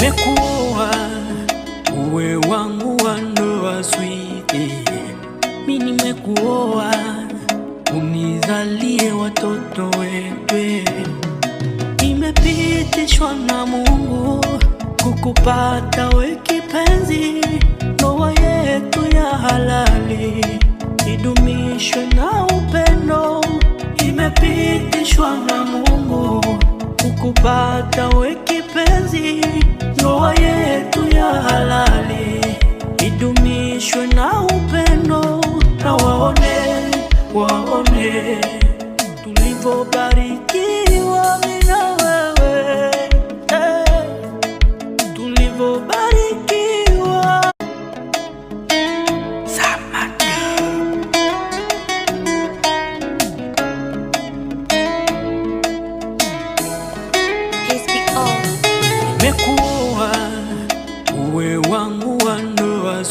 nimekuoa uwe wangu wa ndoa switi, mi nimekuoa unizalie watoto wewe. Nimepitishwa na Mungu kukupata we kipenzi, ndoa yetu ya halali idumishwe na upendo. Nimepitishwa na Mungu kukupata we Waunganishwe na upendo na waone, waone tulivyobarikiwa mimi na wewe eh, tulivyobarikiwa Samadi. Nimekuoa uwe wangu wa ndoa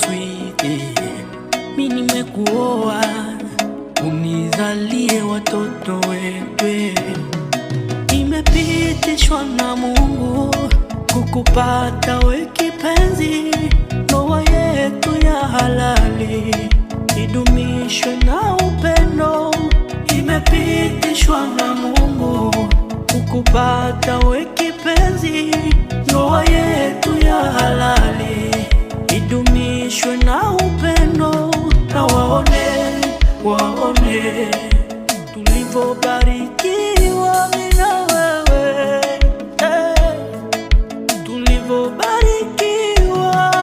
eh, mi nimekuoa unizalie watoto wetwe eh. imepitishwa na Mungu kukupata we kipenzi, ndoa yetu ya halali idumishwe na upendo, imepitishwa na Mungu kukupata we kipenzi, ndoa yetu ya halali idumishwe na waone tulivyobariki.